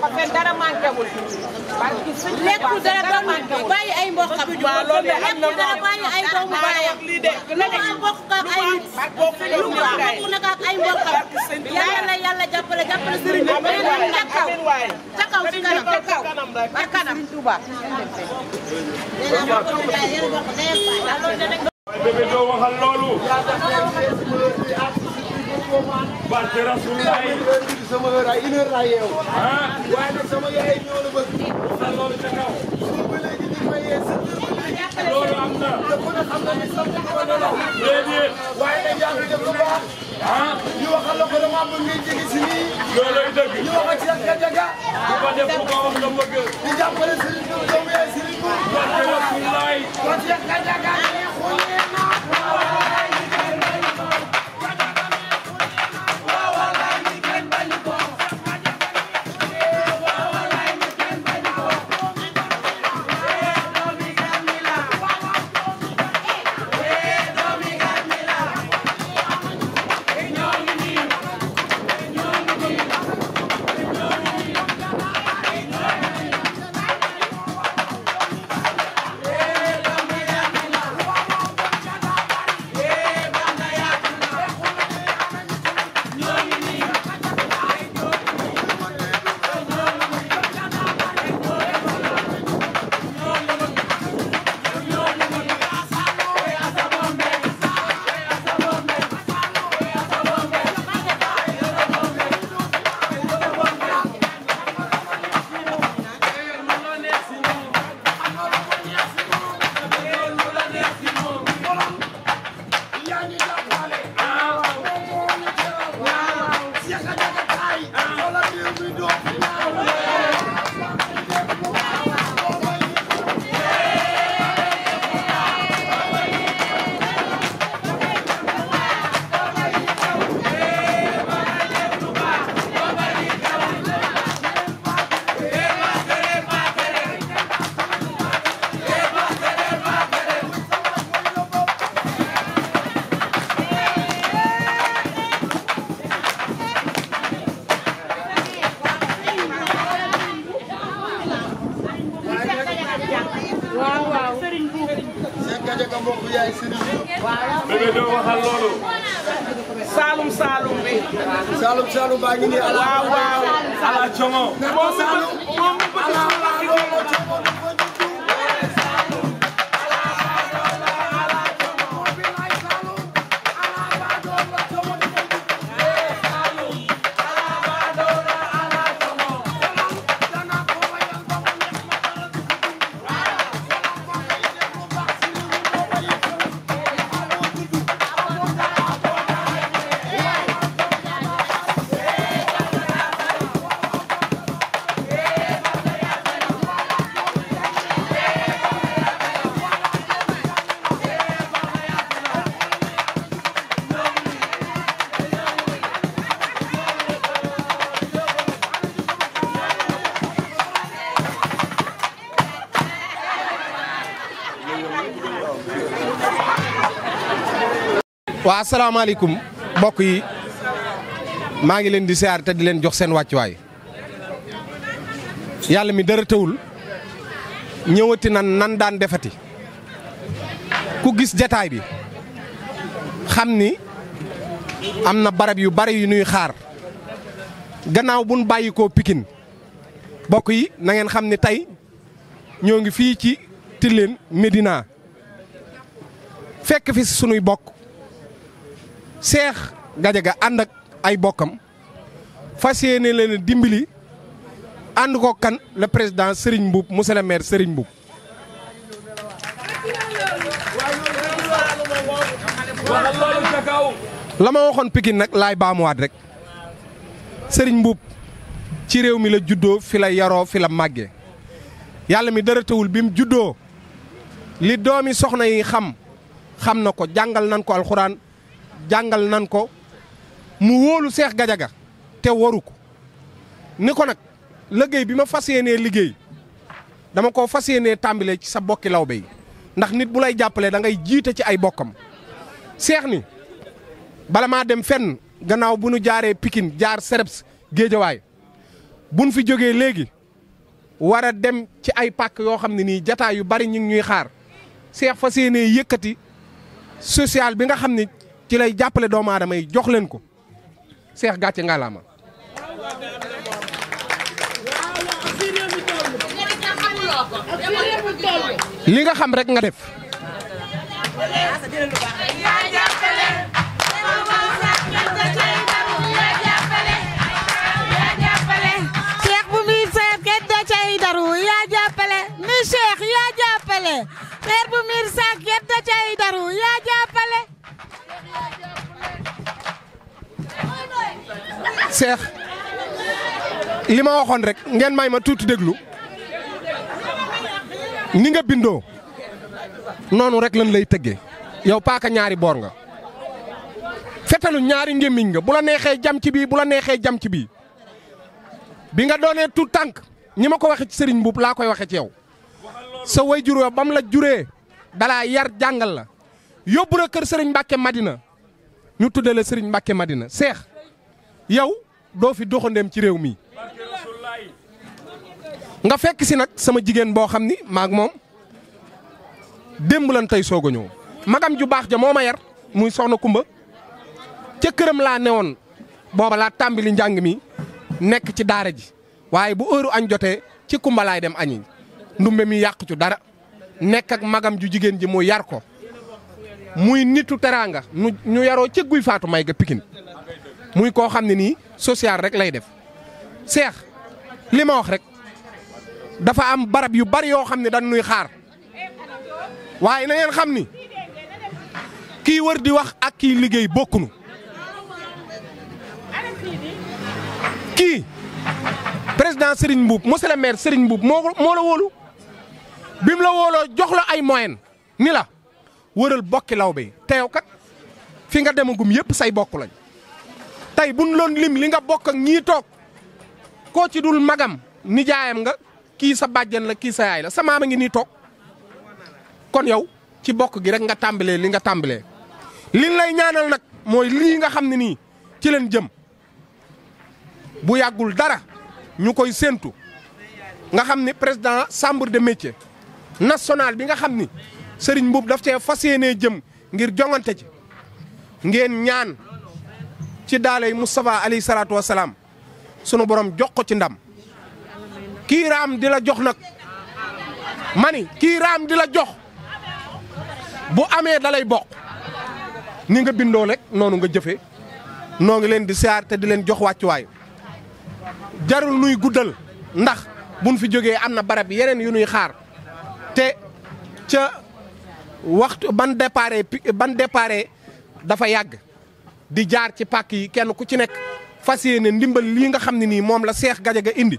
parce que dara manqué wul. parce dara ba ay mboqam. waaw loolu am na dara bàyyi ay doomu baayam. ay nit. lu ay mboqam. yàlla na yàlla jàppale jàppale sëriñ bi. amiin waay amiin waay ca kaw ci kanam. ak kanam. barke Rasulullah sama heure ay une heure laa yeew waaye nag sama yaay ñoo la bëgg sa loolu ca kaw ba léegi di ma yee sa ba léegi loolu am na te ku ne xam na ni sa ko wala la déedéet waaye nag yaa ngi def lu baax ah ñu waxal la ko dama bëgg ngay jege si nii looloy dëgg ñu waxal ci ak jaga bu ko def bu ko wax la bëgg di jàppale Serigne Diouf doomu yaay Serigne Diouf barke Rasulullah Saloum Saloum baa ngi nii ala waaw ala Jongo moom moom waa asalaamaaleykum mbokk yi maa ngi leen di siyaar te di leen jox seen wàccuwaay yàlla mi dara tëwul ñëwati na nan daan defati ku gis jataay bi xam ni am na barab yu bari yu nuy xaar gannaaw buñ bàyyi koo Pikine mbokk yi nangeen xam ni tey ñoo ngi fii ci Tilène medina fekk fi sunuy bokk Cheikh Gadiaga ànd ak ay bokkam fas yéene leen dimbali ànd ko kan le président Serigne Mboup monsieur le maire Serigne Mboup la ma waxoon Pikine nag lay baamuwaat rek sëriñ Mboup ci réew mi la juddoo fi la yaroo fi la màggee yàlla mi dara bi mu juddoo li doomi soxna yi xam xam na ko jàngal nan ko alxuraan jàngal nan ko mu wóolu Cheikh gajaga te waru ko ni ko nag liggéey bi ma fas yéenee liggéey dama ko fas yéenee tàmbalee ci sa bokki lawbe ndax nit bu lay jàppalee da ngay jiite ci ay bokkam seex ni bala maa dem fenn gannaaw bu nu jaaree pikin jaar Sereps Géejawaay buñ fi jógee léegi war a dem ci ay pàkk yoo xam ne nii jataay yu bari ñu ñuy xaar seex fas yéenee yëkkati social bi nga xam ni ci lay jàppale doomu adama yi jox leen ko seex gàcce ngalaama li nga xam rek nga def seex li ma waxoon rek ngeen may ma tuuti déglu ni nga bindoo noonu rek lan lay tëggee yow paaka ñaari boor nga fetalu ñaari ngémmiñ nga bu la neexee jam ci bii bu la neexee jam ci bii bi nga doonee tout tànk ñi ma ko waxee ci sëriñ buub laa koy waxee ci yow sa way juroo bam la juree dalaa yar jàngal la yóbbu na kër sëriñ Mbàkke Madina ñu tuddale la sëriñ Mbàkke Madina seex yow doo fi doxandeem ci réew mi nga fekk si nag sama jigéen boo xam ni maag moom démb lan tey soog a ñëw magam ju baax ja moo ma yar muy soxna Kumba ca këram laa newoon booba laa tàmbali njàng mi nekk ci daara ji waaye bu heure añ jotee ci Kumba laay dem añi ndumbe mi yàq ci dara nekk magam ju jigéen ji muy yar ko muy nitu teraanga ñu yaroo ca guy faatu may ga pikin muy koo xam ne nii social rek lay def. seex li ma wax rek dafa am barab yu bari yoo xam ne dañ xaar waaye na ngeen xam ni kii wër di wax ak kii liggéey bokkunu kii président Serigne Mboup monsieur le maire Serigne Mboup moo moo la wóolu bim la wóoloo jox la ay moyen ni la wëral bokki lawbe te yow kat fi nga demagum yëpp say bokku lañ. tey bu loon lim li nga bokk ak ñii toog koo ci dul magam nijaayam nga kii sa bàjjen la kii sa yaay la sa maam a ngi nii toog kon yow ci bokk gi rek nga tàmbalee li nga tàmbalee. liñ lay ñaanal nag mooy lii nga xam ne nii ci leen jëm bu yàggul dara ñu koy séentu nga xam ne président chambre de métier national bi nga xam ni Serigne Mboup daf cee fas yéenee jëm ngir jongante ci ngeen ñaan. ci daaley Moustapha alayhi salaatu wa sunu borom jox ko ci ndam kii raam di la jox nag mani kii raam di la jox bu amee dalay bokk ni nga bindoo rek noonu nga jëfe noo ngi leen di siyaar te di leen jox wàccuwaay jarul nuy guddal ndax buñ fi jógee am na barab yeneen yu nuy xaar te ca waxtu ban départ ban départ dafa yàgg di jaar ci pàkk yi kenn ku ci nekk fas yéene ndimbal lii nga xam ne nii moom la Seex Gajaga indi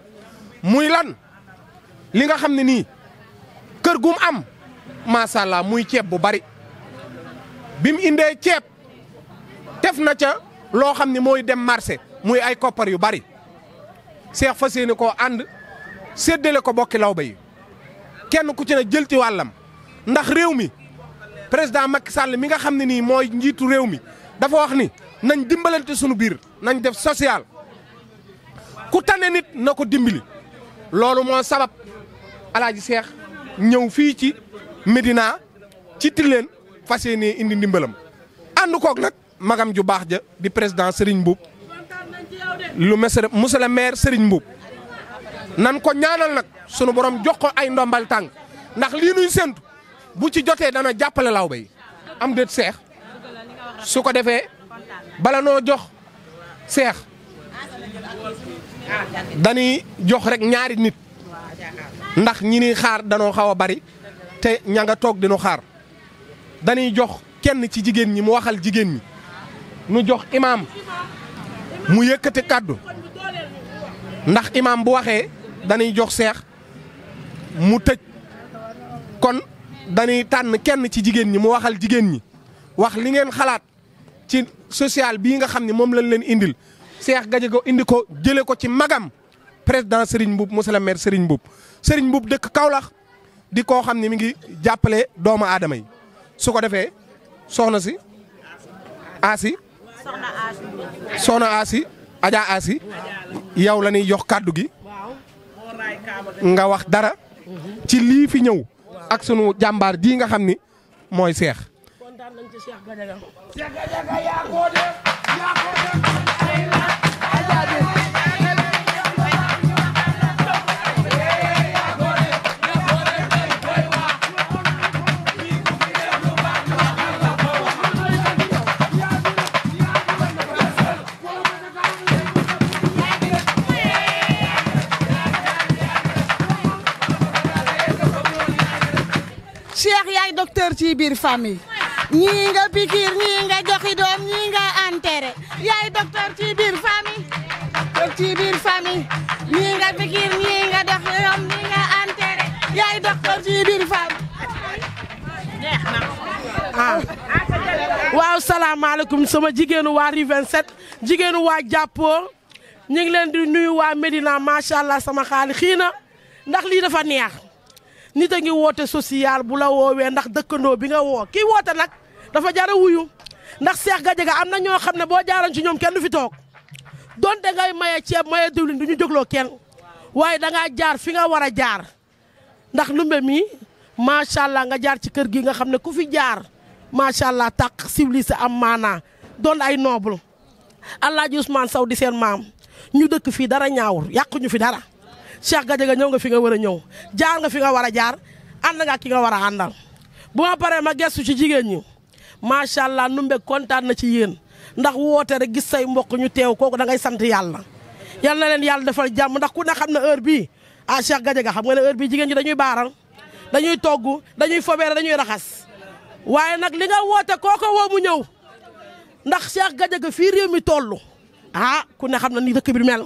muy lan li nga xam ne nii kër gum am macha allah muy ceeb bu bari bi mu indee ceeb tef na ca loo xam ni mooy dem marché muy ay koppar yu bari Seex fas yéene ko ànd séddale ko bokki lawbe kenn ku ci ne jël ci wàllam ndax réew mi président Macky sàll mi nga xam ne nii mooy njiitu réew mi. dafa wax ni nañ dimbalante sunu biir nañ def social ku tane nit na ko dimbali loolu moo sabab alaaji seex ñëw fii ci Medina ci Tilleen fas ni indi ndimbalam ànd koog nag magam ju baax ja di président Serigne Mbuub lu monsieur monsieur le maire Serigne Mbuub nan ko ñaanal nag sunu borom jox ko ay ndombal tànk ndax lii nuy séntu bu ci jotee dana jàppale lawbe yi am déet seex su ko defee bala noo jox seex dañuy jox rek ñaari nit ndax ñi ni xaar danoo xaw a bari te ña nga toog dinu xaar dañuy jox kenn ci jigéen ñi mu waxal jigéen ñi nu jox imaam mu yëkkati kàddu ndax imaam bu waxee dañuy jox seex mu tëj kon dañuy tànn kenn ci jigéen ñi mu waxal jigéen ñi wax li ngeen xalaat ci social bii nga xam ne moom lañ leen indil Cheikh Gadiaga indi ko jëlee ko ci magam président Serigne Mboup monsieur le maire Serigne Mboup Serigne dëkk Kaolack di koo xam ne mi ngi jàppale doomu aadama yi su ko defee soxna si aasi soxna aasi Adja aasi yow la ñuy jox kàddu gi nga wax dara mhm. ci lii fi ñëw ak sunu jàmbaar ji nga xam ni mooy seex Cheikh Gadiaga Cheikh Gadiaga yaa ko def yaa ko def Cheikh yaay docteur ci biir famille ñii nga pikiir ñii nga joxi ñii nga enterré yaay docteur ci biir famille ci biir ñii nga pikiir ñii nga joxi ñii nga enterré yaay docteur ci biir famille ah waaw sama jigéenu waa Rue 27 jigéenu waa jàppoo ñu ngi leen di nuyu waa Médina macha sama xaali xii na ndax lii dafa neex nit a ngi woote social bu la woowee ndax dëkkandoo bi nga woo kii woote nag dafa jar a wuyu ndax Cheikh Gadiaga am na ñoo xam ne boo jaaroon ci ñoom kenn du fi toog donte ngay maye ceeb maye diwlin du ñu jógloo kenn waaye dangaa jaar fi nga war a jaar ndax Ndoumbé mi macha allah nga jaar ci kër gi nga xam ne ku fi jaar macha allah taq civilisé am maanaa doon ay noble Alaaji Ousmane Sow di maam ñu dëkk fii dara ñaawul yàquñu fi dara Cheikh Gadiaga ñëw nga fi nga war a ñëw jaar nga fi nga war a jaar ànd nga ki nga war a àndal bu paree ma gestu ci jigéen ñi. macha allah numbe kontaan na ci yéen ndax woote rek gis say mbokk ñu teew kooku da ngay sant yàlla. yal na leen yàlla defal jàmm ndax ku ne xam na heure bii ah Cheikh Gadiaga xam nga ne heure bii jigéen ñi dañuy baaral dañuy togg dañuy fobeere dañuy raxas waaye nag li nga woote kooko woo mu ñëw ndax Cheikh Gadiaga fii réew mi toll ah ku ne xam na ni dëkk bi mel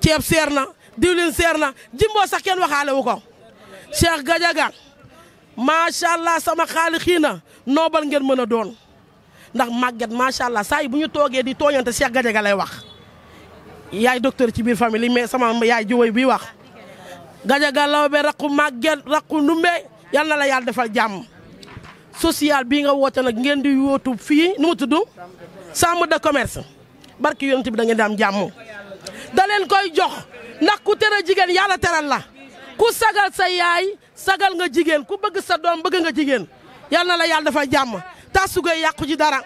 ceeb seer na diwlin seer na jimbo sax kenn waxaale wu ko Cheikh Gadiaga macha allah sama xaalis xii na noobal ngeen mën a doon ndax màgget macha allah saa bu ñu toogee di tooñante Cheikh Gadiaga lay wax. yaay docteur ci biir famille mais sama yaay jiwoy bi wax Gadiaga Lawbe raqu màgget raqu ndumbe yal na la yàlla defal jàmm. social bii nga woote nag ngeen di yootu fii nu mu tudd chambre de commerce barki yonent bi da ngeen di jàmm da leen koy jox ndax ku tere jigéen yàlla teral la. ku sagal sa yaay sagal nga jigéen ku bëgg sa doom bëgg nga jigéen yal na la yàlla dafa jàmm tasu gay yàqu ci dara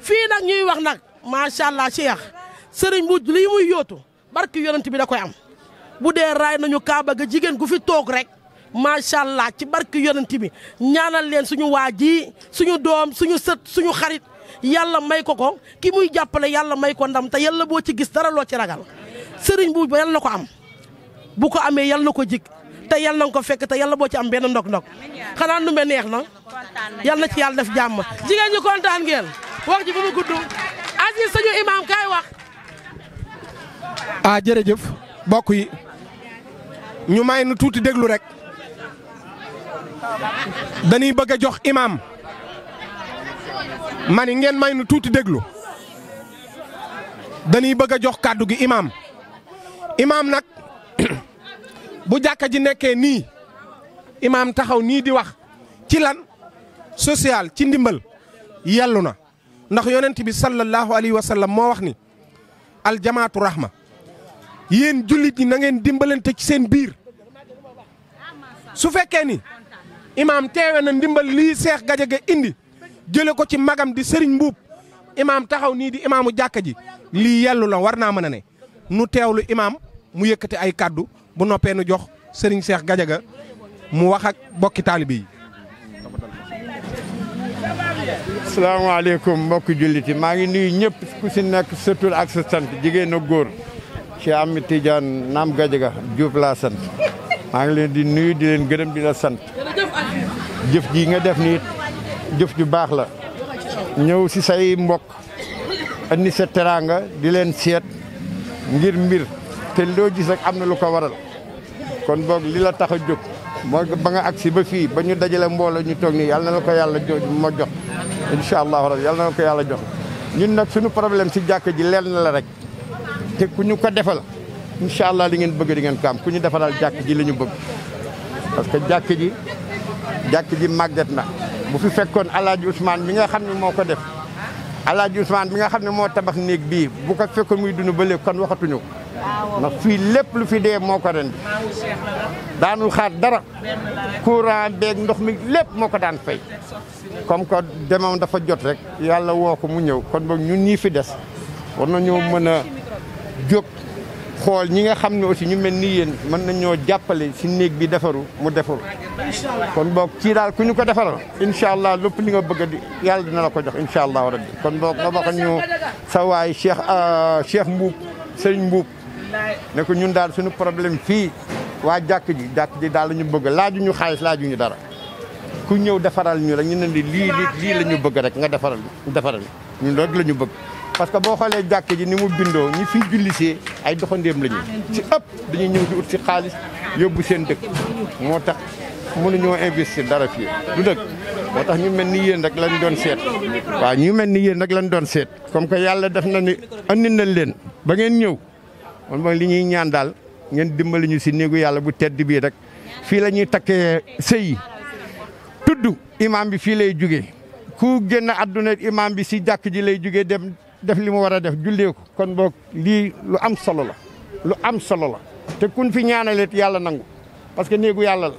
fii nag ñuy wax nag macha allah Cheikh sëriñ bu lii muy yóotu barki yonent bi da koy am bu dee raay nañu kaaba ga jigéen gu fi toog rek macha allah ci barki yonent bi ñaanal leen suñu waa ji suñu doom suñu sët suñu xarit yàlla may ko ko ki muy jàppale yàlla may ko ndam te yàlla boo ci gis dara loo ci ragal sëriñ bu yàlla na ko am. bu ko amee yal na ko jig te yal na ko fekk te yàlla boo ci am benn ndok-ndok xanaa numbe neex na yal na ci yàlla def jàmm jigéen ñi kontaan wax ji bu mu gudd Aziz sañu imaam kaay wax ah jërëjëf mbokk yi ñu may nu tuuti déglu rek dañuy bëgg a jox imaam ma ni ngeen may nu tuuti déglu danuy bëgg a jox kàddu gi imaam imaam nag bu jàkka ji nekkee nii imaam taxaw nii di wax ci lan social ci ndimbal yellu na ndax yonent bi sallallahu alayhi wa moo wax ni aljamaatu rahma yéen jullit ñi nangeen dimbalante ci seen biir su fekkee ni imaam teewe na ndimbal lii seex gajaga indi jële ko ci magam di sëriñ mbuub imaam taxaw nii di imaamu jàkka ji lii yellu na war naa mën a ne nu teewlu imaam mu yëkkati ay kàddu bu noppee nu jox sëriñ Cheikh Gadiaga mu wax ak bokki taalibe yi. salaamaaleykum mbokki jullit yi maa ngi nuyu ñëpp ku si nekk sa tur ak sa sant jigéen ak góor ci am Tidiane Naam Gadiaga Diouf laa sant maa ngi leen di nuyu di leen gërëm di la sant jëf ji nga def nii jëf ju baax la ñëw si say mbokk andi sa teraanga di leen seet ngir mbir te loo gis rek am na lu ko waral kon boog li la tax a jóg mooy ba nga agsi ba fii ba ñu dajale mbooloo ñu toog nii yàlla na la ko yàlla jox ma jox incha allahu rabbi yàlla na la ko yàlla jox ñun nag suñu problème si jàkk ji leen na la rek te ku ñu ko defal incha allah li ngeen bëgg di ngeen ko am ku ñu defaral jàkk ji li ñu bëgg parce que jàkk ji jàkk ji màgget na bu fi fekkoon alaaji Ousmane bi nga xam ne moo ko def alaaji Ousmane bi nga xam ne moo tabax néeg bii bu ko fekkoon muy dund ba léegi kon waxatuñu ndax fii lépp lu fi dee moo ko rendi daanul xaar dara courant beeg ndox mi lépp moo ko daan fay comme que demam dafa jot rek yàlla woo ko mu ñëw kon boog ñu nii fi des war na nañoo mën a jóg xool ñi nga xam ne aussi ñu mel ni yéen mën ñoo jàppale si néeg bi defaru mu deful kon book kii daal ku ñu ko defara incha allah lépp li nga bëgg di yàlla dina ko jox incha allah rabbi kon boog nga wax ñu sa waay Cheikh euh, Cheikh Mbuub Sëriñ Mbuub ne ko ñun daal suñu problème fii waa jàkk ji jàkk ji daal la ñu bëgg laaju ñu xaalis laaju ñu dara ku ñëw defaral ñu rek ñu ne lii lii lii la ñu bëgg rek nga defaral defaral ñu rek la ñu bëgg parce que boo xoolee jàkk ji ni mu bindoo ñi fii jullisee ay doxandéem la ñu ci ëpp dañuy ñëw di ut si xaalis yóbbu seen dëkk moo tax mënuñoo investir dara fii du dëkk moo tax ñu mel ni yéen rek lañ doon seet waaw ñu mel ni yéen rek lañ doon seet comme que yàlla def na ni andi na leen ba ngeen ñëw man mooy li ñuy ñaan daal ngeen dimbali si néegu yàlla bu tedd bii rek fii la ñuy takkee sëy tudd imaam bi fii lay jóge ku génn àdduna imaam bi si jàkk ji lay jugee dem def li mu war a def jullee ko kon boog lii lu am solo la lu am solo la te kun fi ñaanalet yàlla nangu parce que néegu yàlla la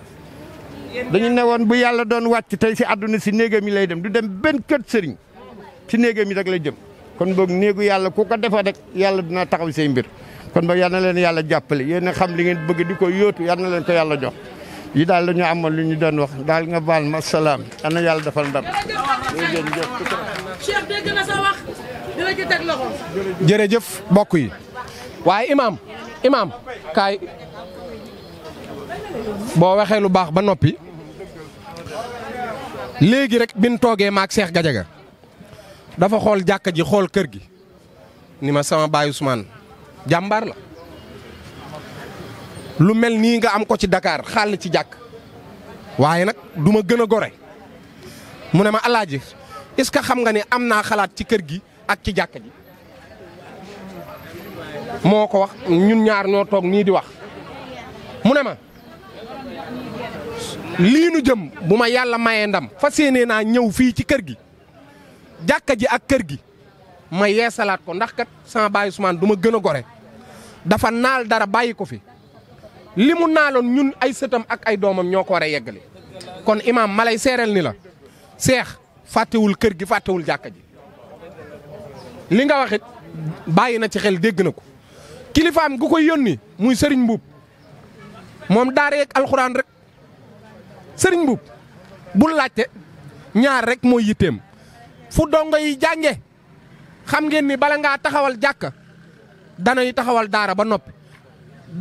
dañu ne woon bu yàlla doon wàcc tey si àdduna si néegam yi lay dem du dem benn kër sëriñ si néegam yi rek lay jëm kon boog néegu yàlla ku ko defee rek yàlla dina taxaw say mbir kon ba yal leen yàlla jàppale yéen a xam li ngeen bëgg di ko yóotu yal leen ko yàlla jox yi daal la ñu amoon lu ñu doon wax daal nga baal ma salaam yal yàlla defal ndam. Cheikh dégg na jërëjëf mbokk yi waaye imaam imaam kaay boo waxee lu baax ba noppi léegi rek bin toogee maak Cheikh Gadiaga dafa xool jàkka ji xool kër gi ni ma sama baay Ousmane. jàmbaar la lu mel nii nga am ko ci dakaar xàll ci jàkk waaye nag du ma gën a gore mu ne ma alaaji est-ce que xam nga ni am naa xalaat ci kër gi ak ci jàkk ji moo ko wax ñun ñaar ñoo toog nii di wax mu ne ma lii nu jëm bu ma yàlla mayee ndam fa yéenee naa ñëw fii ci kër gi jàkka ji ak kër gi ma yeesalaat ko ndax kat sama baay Ousmane du ma gën a gore dafa naal dara bàyyi ko fi li mu naaloon ñun ay sëtam ak ay doomam ñoo ko war a yeggali kon imaam malay lay seereel ni la seex fàttewul kër gi fàttewul jàkka ji li nga waxit bàyyi na ci xel dégg na ko kilifaam gu ko yónni muy sëriñ mbuub moom daara yeeg alxuraan rek sëriñ mbuub bu laajte ñaar rek mooy yitteem fu dongo yi jànge xam ngeen ni bala ngaa taxawal jàkka danay taxawal daara ba noppi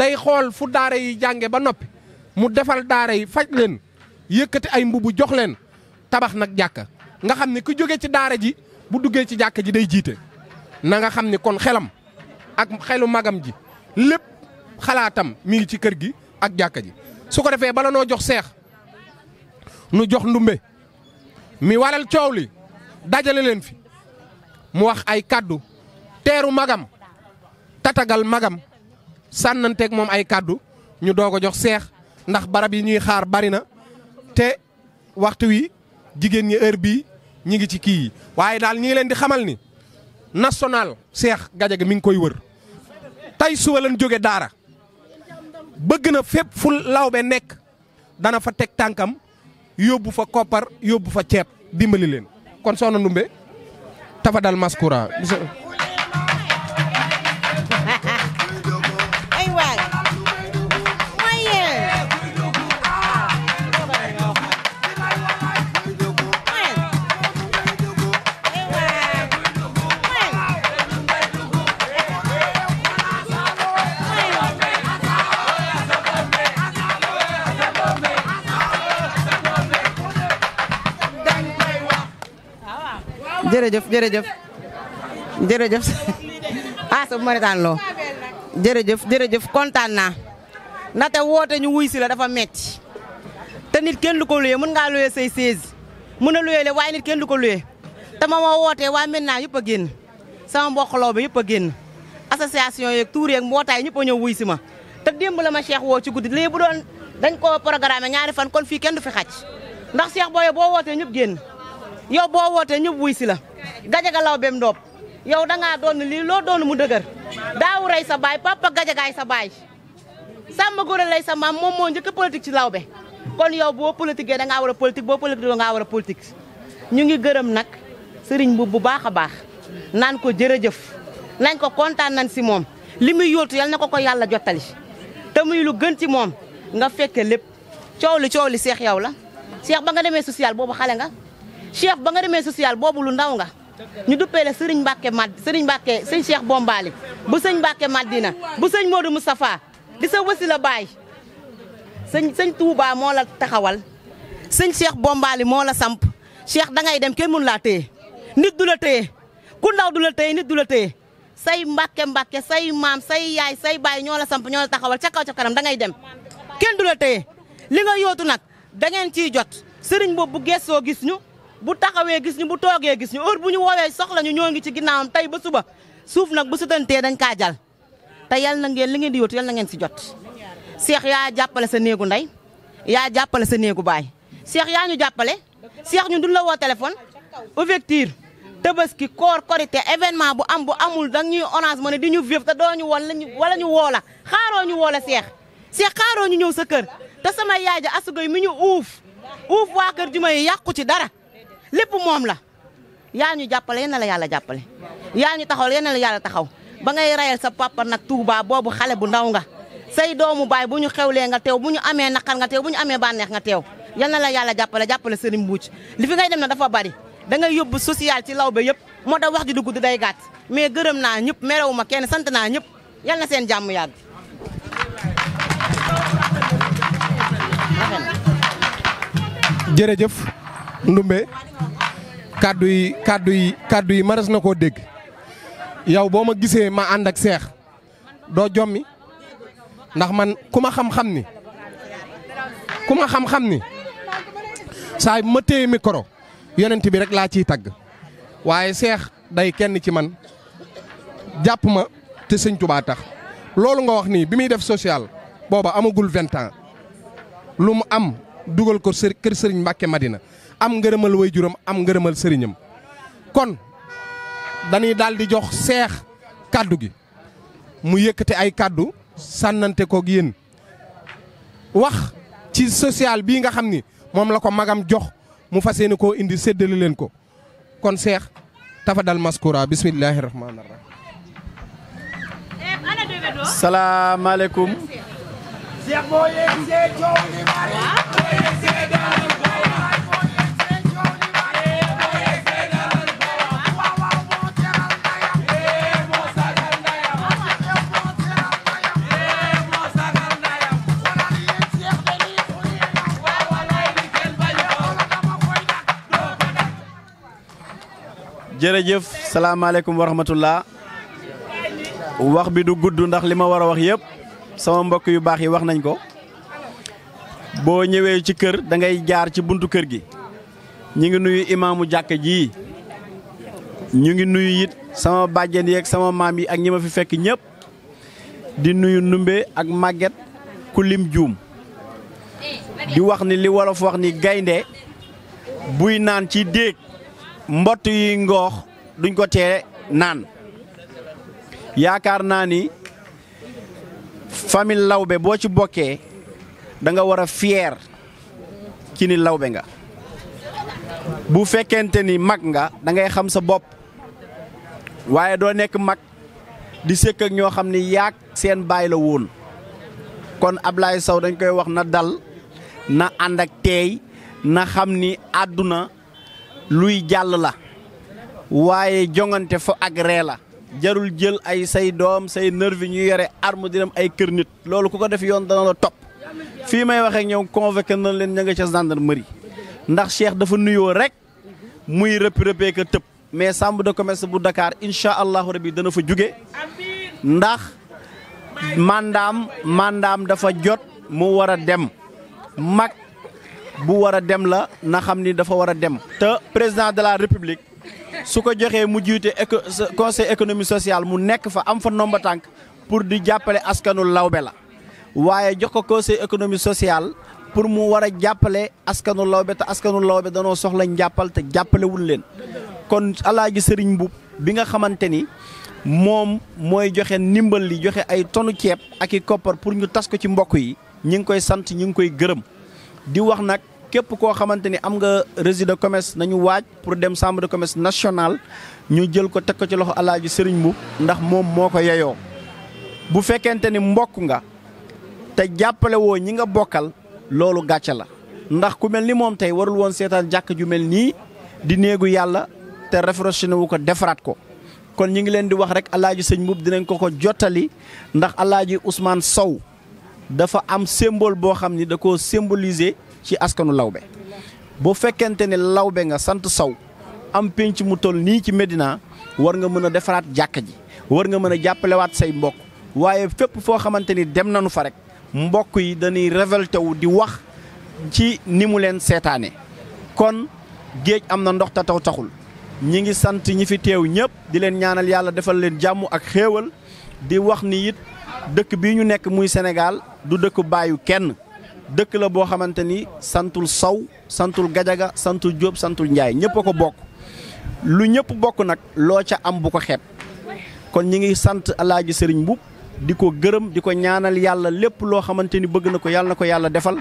day xool fu daara yi jànge ba noppi mu defal daara yi faj leen yëkkati ay mbubu jox leen tabax nag jàkka nga xam ne ku jóge ci daara ji bu duggee ci jàkka ji day jiite na nga xam ni kon xelam ak xelu magam ji lépp xalaatam mi ngi ci kër gi ak jàkka ji su ko defee bala noo jox seex nu jox ndumbe mi waral coow li dajale leen fi mu wax ay kàddu teeru magam tatagal magam sànnanteeg moom ay kàddu ñu doo ko jox seex ndax barab yi ñuy xaar bari na te waxtu wi jigéen ñi heure bii ñi ngi ci kii yi waaye daal ñi leen di xamal ni national seex Gadiaga mi ngi koy wër tey suba lañ jóge daara bëgg na fépp fu lawbe nekk dana fa teg tànkam yóbbu fa koppar yóbbu fa ceeb dimbali leen kon soxna Ndumbe Tafadal Maskoura jërëjëf jërëjëf jërëjëf ah sa bu ma loo jërëjëf jërëjëf kontaan naa ndaxte woote ñu wuy si la dafa metti te nit kenn du ko luyee mën ngaa luyee say seize mën a luyee le waaye nit kenn du ko luyee te ma moo wootee waa maintenant yëpp a génn sama mbokkaloo bi yëpp génn association yeeg tuur yeeg mbootaay ñëpp ñëw wuy si ma te démb la ma Cheikh woo ci guddi lii bu doon dañ ko programme ñaari fan kon fii kenn du fi xaj ndax Cheikh booyee boo wootee ñëpp génn yow boo wootee ñëpp wuy si la gajaga lawbeem ndoob yow da ngaa doon lii loo doon mu dëgër daawu rey sa baay papa gajagaay sa baay sàmm góor lay sa maam moom moo njëkk a politique ci lawbe kon yow boo politiquee da ngaa war a politique boo politique da ngaa war a politique ñu ngi gërëm nag sëriñ bu bu baax a baax naan ko jërëjëf nañ ko kontaan nañ si moom li muy yóotu yal na ko ko yàlla jottali te muy lu gën ci moom nga fekke lépp coow li coow li seex yow la seex ba nga demee social boobu xale nga. cheikh ba nga demee social boobu lu ndaw nga ñu duppee la sëriñ Mbàkke mad sëriñ Mbàkke sëñ cheikh Bombali bu sëñ Mbàkke Madina bu sëñ Modou Moustapha di sa wasi la baay sëñ sëñ Touba moo la taxawal sëñ cheikh Bombali moo la samp cheikh dangay dem kenn mënu laa téye nit du la téye ku ndaw du la téye nit du la téye say mbàkke mbàkke say maam say yaay say baay ñoo la samp ñoo la taxawal ca kaw ca kanam dangay dem kenn du la téye li nga yootu nag da ngeen ciy jot sëriñ boobu bu gis ñu bu taxawee gis ñu bu toogee gis ñu heure bu ñu woowee soxla ñu ñoo ngi ci ginnaawam tey ba suba suuf nag bu sutantee dañ kaa jal te yal na ngeen li ngeen di yóotu yal na ngeen si jot seex yaa jàppale sa néegu nday yaa jàppale sa néegu baay seex yaa ñu jàppale seex ñu duñ la woo téléphone ouverture ki koor korité événement bu am bu amul da ñuy orange ma ne di ñu vivre te doo ñu woon lañu wala ñu woo la xaaroo ñu woo la seex seex xaaroo ñu ñëw sa kër te sama yaay ja asugay mi ñu uuf uuf waa kër juma yi yàqu ci dara lépp moom la yaa ñu jàppale yéen la yàlla jàppale yaa ñu taxaw yéen la yàlla taxaw ba ngay rayal sa papa nag Touba boobu xale bu ndaw nga say doomu baay bu ñu xewlee nga teew bu ñu amee nax naqar nga teew bu ñu amee bànneex nga teew yal na la yàlla jàppale jàppale Serigne Mbouch li fi ngay dem na dafa bari dangay ngay yóbbu social ci Lawbe yëpp moo tax wax ji dugg day gàtt mais gërëm naa ñëpp merewu ma kenn sant naa ñëpp yal seen jàmm yàgg. jërëjëf. ndumbe kàddu yi kàddu yi kàddu yi maras na koo dégg yow boo ma gisee ma ànd ak seex doo jommi ndax man ku ma xam-xam ni ku ma xam-xam ni saa ma téye micro yonent bi rek laa ciy tagg waaye seex day kenn ci man jàpp ma te sëñ Tuubaa tax loolu nga wax nii bi muy def social booba amagul vingt ans lu mu am dugal ko kër sëriñ Mbàkke Madina am ngërëmal juróom am ngërëmal sëriñam kon dañuy daal di jox seex kàddu gi mu yëkkate ay kàddu sànnante ko gi yéen wax ci social bii nga xam ni moom la ko magam jox mu fas yéene koo indi séddale leen ko kon seex tafadal maskura bismillahi rahmaani rahim jërëjëf salaamaaleykum wa rahmatullah wax bi du gudd ndax li ma war a wax yépp sama mbokk yu baax yi wax nañ ko boo ñëwee ci kër da ngay jaar ci buntu kër gi ñu ngi nuyu imaamu jàkk ji ñu ngi nuyu it sama bàjjen yeeg sama maam yi ak ñi ma fi fekk ñëpp di nuyu numbe ak màgget ku lim juum di wax ni li wolof wax ni gaynde buy naan ci déeg mbott yi ngoox duñ ko tee naan yaakaar naa ni famille lawbe boo ci bokkee danga nga war a fier ci ni lawbe nga bu fekkente ni mag nga dangay xam sa bopp waaye doo nekk mag di sëkk ak ñoo xam ni yaag seen baay la woon kon Ablaye Sow dañ koy wax na dal na ànd ak teey na xam ni àdduna luy jàll la waaye jongante fa ak ree la jarul jël ay say doom say nervi ñu yore arme di dem ay kër nit loolu ku ko def yoon dana la topp fii may waxee ak ñow convoqué na leen ña nga ca gendarmerie ndax Cheikh dafa nuyoo rek muy rëppi rëppee ka tëb mais chambre de commerce bu dakaar incha allahu rabi dana fa jóge ndax mandaam mandaam dafa jot mu war a dem mag bu war a dem la na xam ni dafa war a dem. te président de la république su ko joxee mu jiite éco conseil économique social mu nekk fa am fa nomba tànk pour di jàppale askanu lawbe la waaye jox ko conseil économique social pour mu war a jàppale askanu lawbe te askanu lawbe danoo soxla njàppal te jàppalewul leen kon alaaji sëriñ Mbuub bi nga xamante ni. moom mooy joxe ndimbal li joxe ay tonu ceeb ak i koppar pour ñu tas ko ci mbokk yi ñu ngi koy sant ñu ngi koy gërëm képp koo xamante ni am nga registre de commerce nañu waaj pour dem chambre de commerce nationale ñu jël ko teg ko ci loxo alaaji sëriñ bu ndax moom moo ko yeyoo bu fekkente ni mbokk nga te jàppalewoo ñi nga bokkal loolu gàcce la ndax ku mel ni moom tey warul woon seetaan jàkk ju mel nii di néegu yàlla te réfractionné wu ko defaraat ko kon ñu ngi leen di wax rek alaaji sëñ Mbuub dinañ ko ko jottali ndax alaaji Ousmane Sow dafa am symbole boo xam ni da koo symboliser ci askanu lawbe bu fekkente ne lawbe nga sant sow am pénc mu toll nii ci Medina war nga mën a defaraat jàkka ji war nga mën a jàppalewaat say mbokk waaye fépp foo xamante ni dem nañu fa rek mbokk yi dañuy révolté wu di wax ci ni mu leen seetaane kon géej am na ndox ta taw taxul ñi ngi sant ñi fi teew ñëpp di leen ñaanal yàlla defal leen jàmm ak xéewal di wax ni it dëkk bi ñu nekk muy Sénégal du dëkk bàyyu kenn dëkk la boo xamante ni santul saw santul gajaga santul jóob santul njaay ñëpp a ko bokk lu ñëpp bokk nag loo ca am bu ko xeeb kon ñi ngi sant alaaji sëriñ Mbuub di ko gërëm di ko ñaanal yàlla lépp loo xamante ni bëgg na ko yàlla ko yàlla defal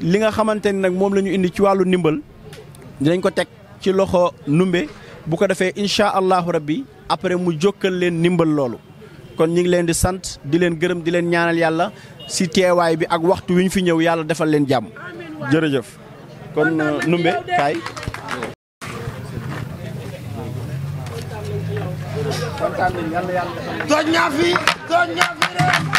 li nga xamante ni nag moom la ñu indi ci wàllu ndimbal dinañ ko teg ci loxo numbe bu ko defee incha allahu rabbi après mu jokkal leen ndimbal loolu kon ñu ngi leen di sant di leen gërëm di leen ñaanal yàlla ci teewaay bi ak waxtu wi ñu fi ñëw yàlla defal leen jàmm jërëjëf kon uh, numbe kaay